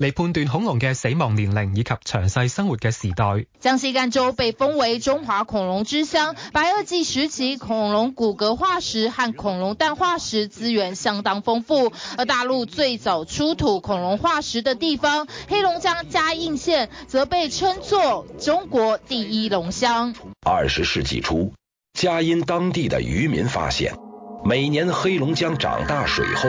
嚟判斷恐龍嘅死亡年齡以及詳細生活嘅時代。江西贛州被封為中華恐龍之鄉，白堊紀時期恐龍骨骼化石和恐龍蛋化石資源相當豐富。而大陸最早出土恐龍化石的地方，黑龍江嘉蔭縣則被稱作中國第一龍鄉。二十世紀初，嘉蔭當地的漁民發現，每年黑龍江漲大水後，